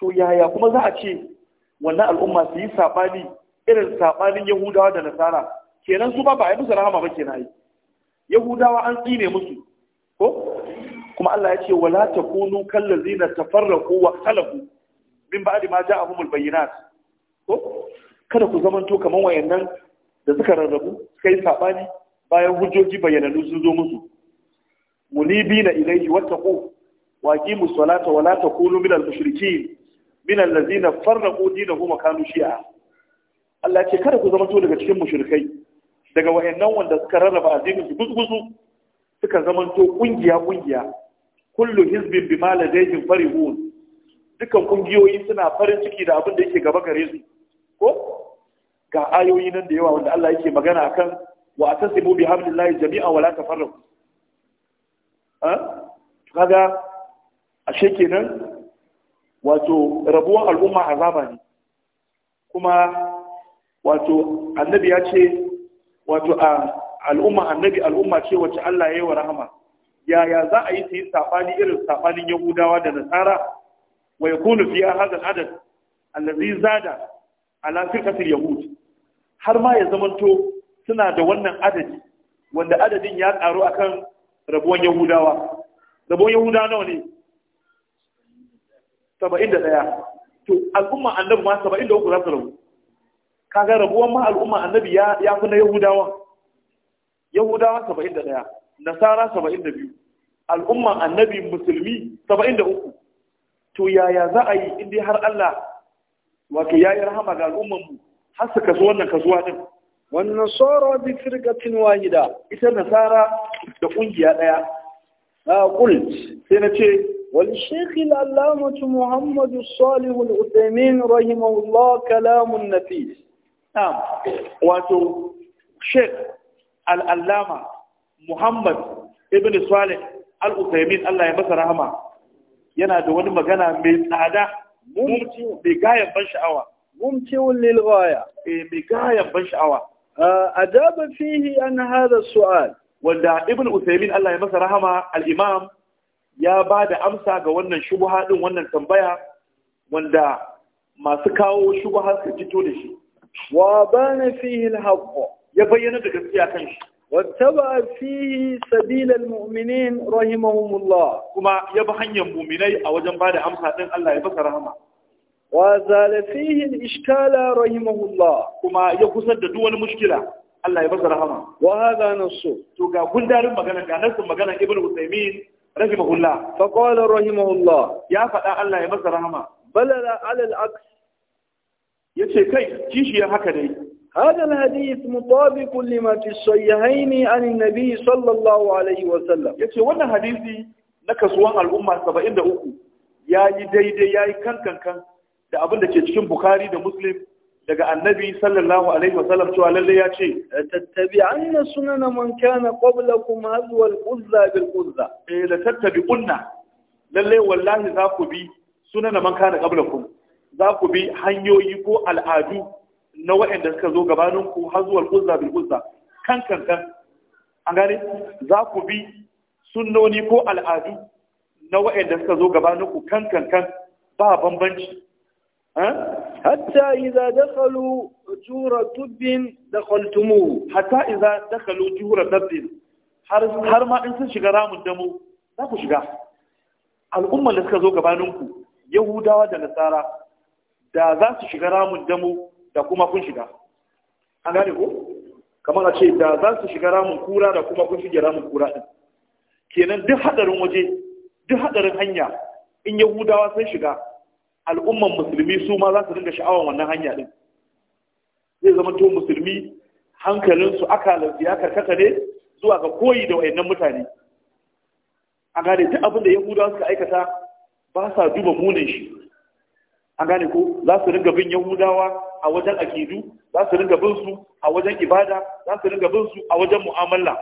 to yaya kuma za a ce wannan al'umma su yi sabani irin saɓanin yahudawa da nasara kenan su ba ba a yi musu rahama ba kenan yi. yahudawa an tsine musu ko kuma Allah ya ce wala takunu kallazina tafarraqu wa kalaku min ba'di ma ja'ahumul bayyinat ko kada ku zamanto kamar wayannan da suka rarrabu suka yi saɓani bayan hujjoji bayyananu sun zo musu munibi na ilaihi wattaqu wa aqimu salata wa la takunu minal mushrikeen minal ladzina farraqu dinahum wa kanu shi'a Allah ce kada ku zamanto daga cikin mushrikai daga wayannan wanda suka rarraba addinin su gusgusu suka zamanto kungiya kungiya kullu hizbin bima ladayhim farihun dukan kungiyoyi suna farin ciki da abin da yake gaba gare su ko ga ayoyi nan da yawa wanda Allah yake magana akan wa atasimu bi hablillahi jami'a wala tafarraqu ha kaga ashe kenan wato rabuwar al'umma azaba ne kuma wato annabi ya ce wato al'umma annabi al'umma ce wacce Allah ya yi wa rahama yaya za a yi su yi irin saɓanin yahudawa da nasara wa ya kunu fiya hadal adad allazi zada ala firqatil yahud har ma ya zamanto suna da wannan adadi wanda adadin ya karu akan rabuwan yahudawa rabuwan yahudawa nawa ne 71 to al'umma annabi ma 73 za su rabu kaga rabuwan ma al'umma annabi ya ya fi na yahudawa yahudawa 71 nasara 72 al'umma annabi musulmi 73 to yaya za a yi inda har Allah wato ya yi rahama ga al'ummanmu har su kasu wannan kasuwa din. Wannan tsoron zikir gatin wahida, ita nasara da ƙungiya ɗaya. Na sai na ce, wani shekhi lalamatu Muhammadu Salihul Utsamin Rahimahullah kalamun nafis. Na, wato, shek al’allama Muhammad Ibn Salih al Allah ya masa rahama yana da wani magana mai tsada mumciwun mai gayan ban sha'awa mumciwun lil ghaya eh mai gayan ban sha'awa ajaba fihi an hada su'al wanda ibn usaymin Allah ya masa rahama al ya ba da amsa ga wannan shubha din wannan tambaya wanda masu kawo shubha su fito da shi wa bana fihi al-haqq ya bayyana da gaskiya kan shi واتبع فيه سبيل المؤمنين رحمهم الله كما يبحن المؤمنين أو جنبا دا أمسا دين الله يبسا رحمة وزال فيه الإشكال رحمه الله كما يقصد دول مشكلة الله يبسا رحمة وهذا نص توقع كل دار مغانا كانت مغانا ابن عثيمين رحمه الله فقال رحمه الله يا فتاة الله يبسا رحمة بل على العكس يتشي كيف تيشي هكذا هذا الحديث مطابق لما في الصحيحين عن النبي صلى الله عليه وسلم yace wannan hadisi na kasuwan al'umma 73 yayi daidai yayi kankankan da abin da ke cikin Bukhari da Muslim daga Annabi sallallahu alaihi wasallam cewa lalle ya ce tattabi'anna sunana man kana qablakum azwa al-uzza bil uzza eh la tattabi'unna lalle wallahi za ku bi sunana man kana qablakum za ku bi hanyoyi ko al'adu na waɗanda suka zo gabaninku ku har zuwa uzza bil uzza kan kan kan an gane za ku bi sunnoni ko al'adu na waɗanda suka zo gabaninku kan kan kan ba bambanci hatta idza dakhalu jura dubbin dakhaltumu hatta idza dakhalu jura dubbin har har ma in sun shiga ramun damo za ku shiga al'ummar da suka zo gabaninku ku yahudawa da nasara da za su shiga ramun damo da kuma kun shiga an gane ko kamar a ce da za su shiga ramin kura da kuma kun shiga ramin kura din kenan duk hadarin waje duk hadarin hanya in yahudawa sun shiga al'umman musulmi su ma za su dinga sha'awar wannan hanya din zai zama to musulmi hankalinsu akalansu ya karkata ne zuwa ga koyi da wayannan mutane a gane duk abin da yahudawa suka aikata ba sa duba munin shi an gane ko za su ringa bin yahudawa a wajen akidu za su ringa bin su a wajen ibada za su ringa bin su a wajen mu'amala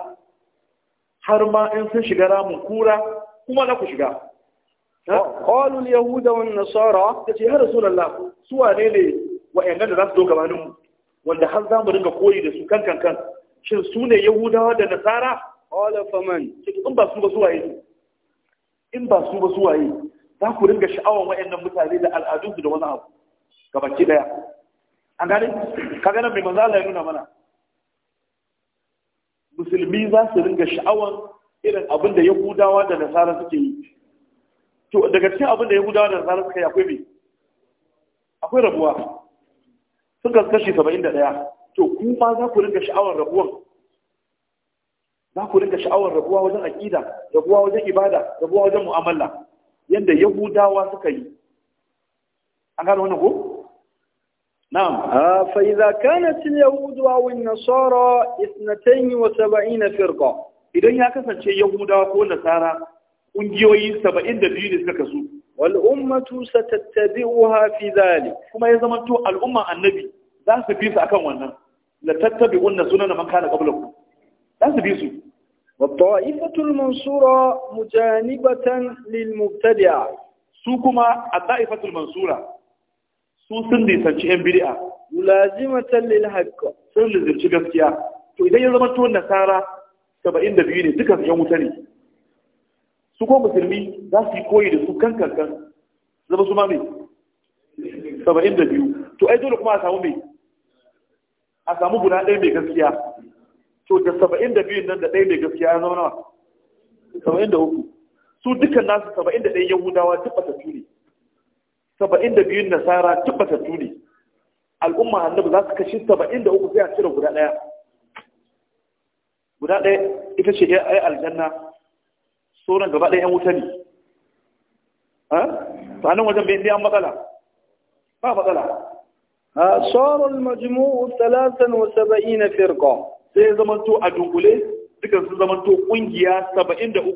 har ma in sun shiga ramin kura kuma na ku shiga qalu al yahuda wan nasara tace ya rasulullah su wane ne wa'annan da za su zo gabanin mu wanda har za mu ringa koyi da su kan kan kan shin su ne yahudawa da nasara qala faman in ba su ba su waye in ba su ba su waye za ku ringa sha'awar wa'annan mutane da al'adunsu da wani abu baki daya an gane ka gani mai maza la ya nuna mana musulmi za su ringa sha'awar irin abin da yahudawa da nasara suke yi to daga cikin abin da yahudawa da nasara suka yi akwai me akwai rabuwa sun da 71 to ku ma za ku ringa sha'awar rabuwan za ku ringa sha'awar rabuwa wajen aƙida rabuwa wajen ibada rabuwa wajen mu'amala yadda yahudawa suka yi an gano wani ko? na'am a fa'iza kanatin yahudawa wani nasoro isnatan yi saba'in na firko idan ya kasance yahudawa ko nasara ƙungiyoyi saba'in da biyu ne suka kasu wal'ummatu sa tattabi uha fi zali kuma ya zama to al'umma annabi za su bi su akan wannan la tattabi unna sunan man kana qablakum za su bi والطائفة المنصورة مجانبة للمبتدع سوكما الطائفة المنصورة سوسن دي سنشئن بدعة ملازمة للحق سن لزرشي gaskiya to idan ya zama tuwon nasara 72 ne duka su wuta ne su ko musulmi za su yi koyi da su kan kankan zama su ma mai 72 to ai dole kuma a samu a samu guda ɗaya mai gaskiya to da saba'in da biyun nan da ɗaya mai gaskiya ya zama nawa saba'in da uku su dukkan nasu saba'in da ɗaya yahudawa ta tuni saba'in da biyun nasara ta tuni al'umma annabi za su kashe saba'in da uku sai a cire guda ɗaya guda ɗaya ita ce ya ai aljanna sauran gaba ɗaya yan wuta ne ta nan wajen bai an matsala ba matsala sauran المجموع 73 فرقة sai zamanto a dunkule dukan su zamanto kungiya 73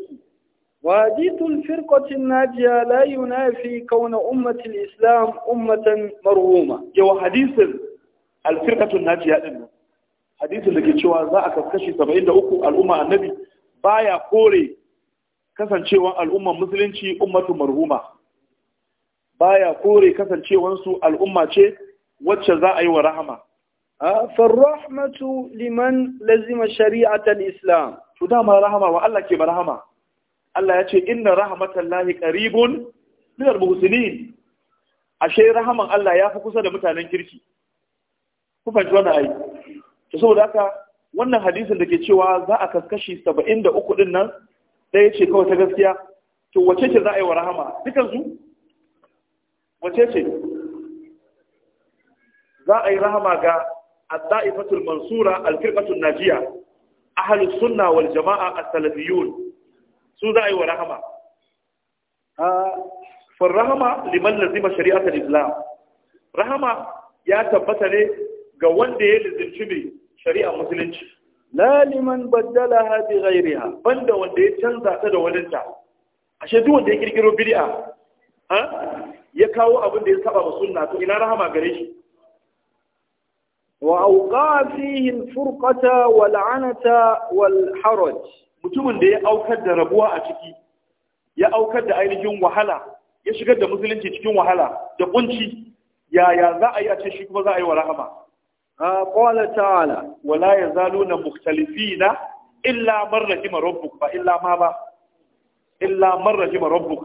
wajitun firqatin najiya la yunafi kauna ummati islam ummatan marhuma yau hadisin alfirkatun firqatun najiya din hadisin da ke cewa za a kaskashi 73 al'umma annabi baya kore kasancewan al'umman musulunci ummatu marhuma baya kore kasancewansu al'umma ce wacce za a yi wa rahama farrahmatu liman lazima shari'atal islam to dama rahama wa Allah ke barahama Allah ya ce inna rahmatallahi qaribun min al-muhsinin ashe rahaman Allah ya fi kusa da mutanen kirki ku fahimci wannan ai to saboda haka wannan hadisin da ke cewa za a kaskashi 73 din nan ɗaya ce kawai ta gaskiya to wace ce za a yi wa rahama dukan wace ce za a yi rahama ga الطائفة المنصورة الفرقة الناجية أهل السنة والجماعة السلفيون سوداء ورحمة فالرحمة لمن لزم شريعة الإسلام رحمة يا تبتلي قوان دي لزم شبي شريعة مسلنش لا لمن بدلها بغيرها بند وان دي تنزع تدو ولنتا عشان دو وان دي كيرو بدئة ها يكاو أبن دي سبب السنة إلى رحمة قريش وأوقع فيه الفرقة والعنة والحرج mutumin da ya aukar da rabuwa a ciki ya aukar da ainihin wahala ya shigar da musulunci cikin wahala da kunci yaya za a yi a ce shi kuma za a yi wa rahama qala ta'ala wala yazaluna mukhtalifina illa man rahima rabbuk ba illa ma ba illa man rahima rabbuk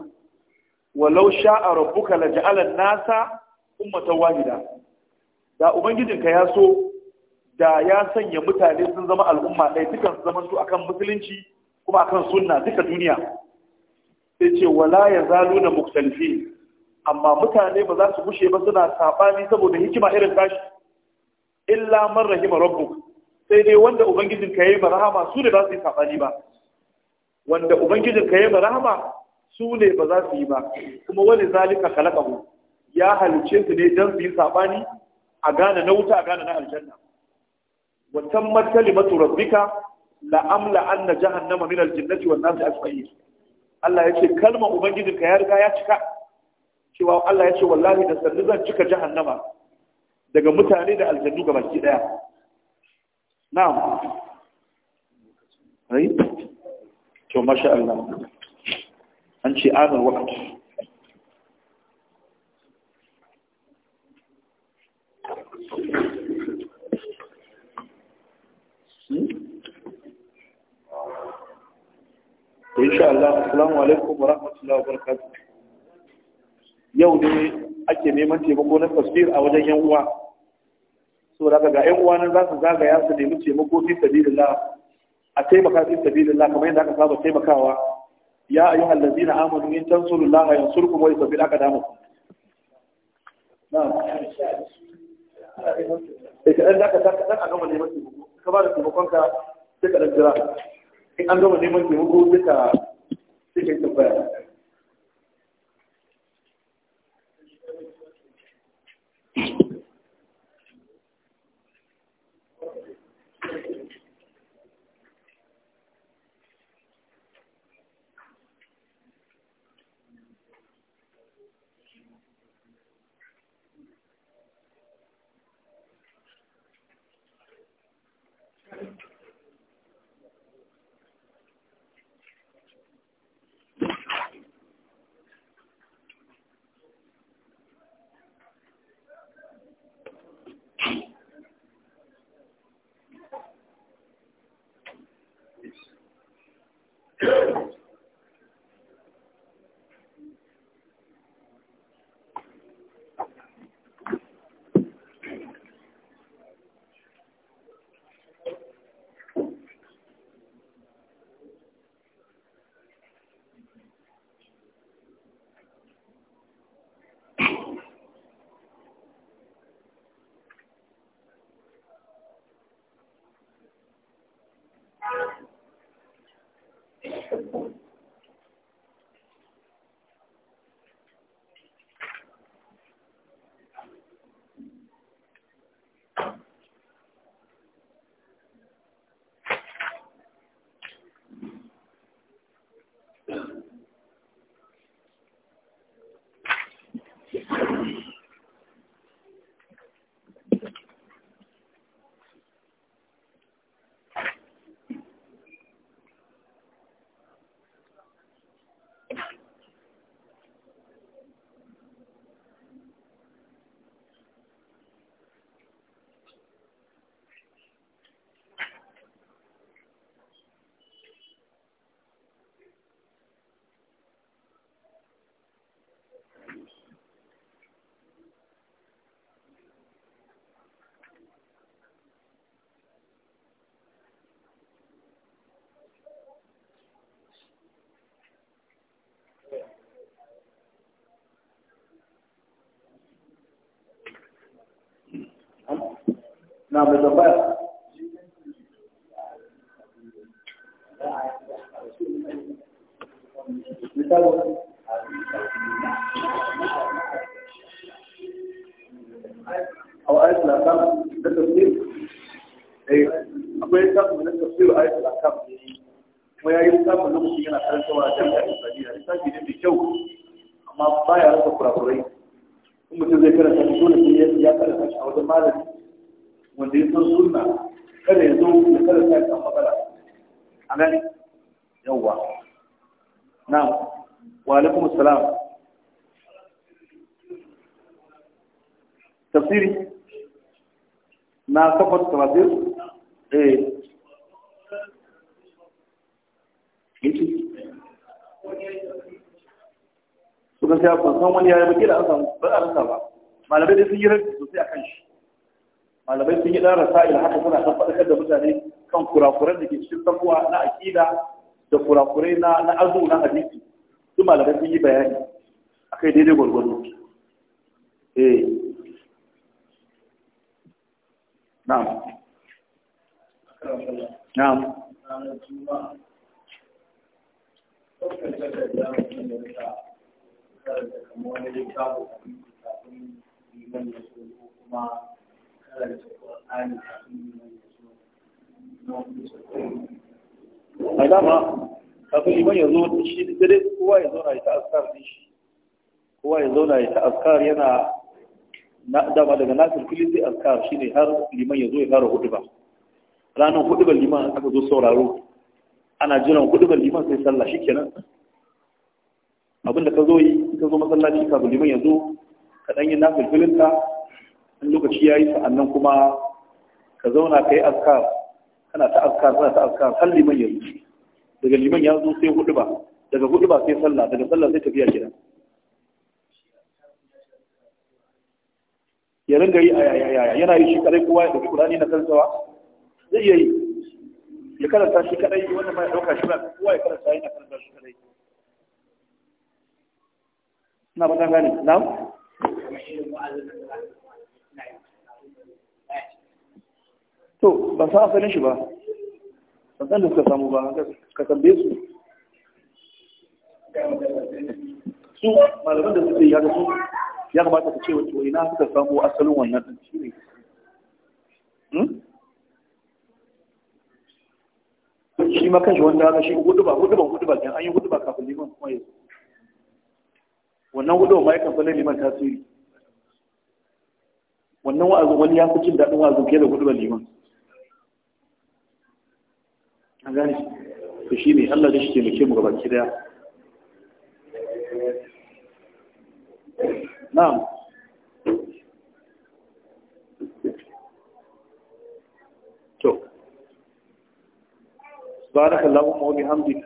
walau a rabbuka laja'ala an-nasa ummatan wahida da ubangijin ka ya so da ya sanya mutane sun zama al'umma ɗaya dukan su su akan musulunci kuma akan sunna duka duniya sai ce wala ya zalu na muktalifi amma mutane ba za su gushe ba suna saɓani saboda hikima irin tashi illa man rahima rabbuk sai dai wanda ubangijin ka yayi rahama su ne ba su yi saɓani ba wanda ubangijin ka yayi rahama su ne ba za su yi ba kuma wani zalika kalakahu ya halice su ne dan su yi saɓani a gane na wuta a gane na aljanna Wancan tammat kalimatu rabbika la amla anna jahannama min aljinnati wan nasi asfayi Allah ya ce kalmar ubangijinka ya riga ya cika cewa Allah ya ce wallahi da sannu zan cika jahannama daga mutane da aljannu ga baki daya na'am Ayi! to masha Allah an ce anar waqti Hmm? insha Allah assalamu alaikum wa rahmatullahi wa yau ne ake neman taimako na tafsir a wajen yan uwa so daga ga yan uwa nan za su zagaya su nemi taimako fi sabilillah a taimaka fi sabilillah kamar yadda aka saba taimakawa ya ayyuhal ladzina amanu in tansurullaha yansurkum wa aka aqdamakum na'am da eh, kaɗan da ka sa kaɗan a gama neman taimako ka ba da taimakon sai ka ɗan jira in an gama neman taimako sai ka sai ka yi tambaya point. na mai tambaya malamai sun yi rarrabe sosai a kan shi malamai sun yi ɗan rasa'il haka suna kan faɗakar da mutane kan kurakuran da ke cikin sabuwa na aƙida da kurakurai na na azu na hadisi su malamai sun yi bayani akai daidai gwargwado eh na'am na'am Thank you. liman ya so ko kuma karanta Qur'ani kafin liman ya dama kafin liman ya zo shi dare kowa ya zauna ya ta askar din shi kowa ya zauna ya ta askar yana na dama daga na filin zai askar shi ne har liman ya zo ya fara hudu ba ranar hudu ba liman aka zo sauraro ana jiran hudu ba liman sai sallah shi kenan abinda ka zo yi ka zo masallaci kafin liman ya zo Kaɗan ɗan yi nafilfilinka in lokaci ya yi sa'annan kuma ka zauna ka yi askar. kana ta askar, kana ta askar. har liman ya zo daga liman ya zo sai hudu ba daga hudu ba sai sallah daga sallah sai tafiya gida ya ringa yi ayayaya yana yi shi kadai kowa ya dauki kurani na kansawa zai iya yi ya karanta shi kadai wanda ma ya dauka shi ba kowa ya karanta yana karanta shi kadai na ba gane na'am to ba sa asalin shi ba ba san da suka samu ba ka tambaye su su malaman da suke ya su ya kamata ka ce wa to na suka samu asalin wannan din shi ne hmm? shi ma shi wanda ga shi hudu ba hudu ba hudu ba an yi hudu ba kafin liman kuma yanzu wannan hudu ma yakan fara liman tasiri wannan wa'azi wani ya fi jin daɗin wa'azi fiye da gudun liman an gane to shi ne Allah da shi ke muke gaba baki daya na'am to بارك اللهم وبحمدك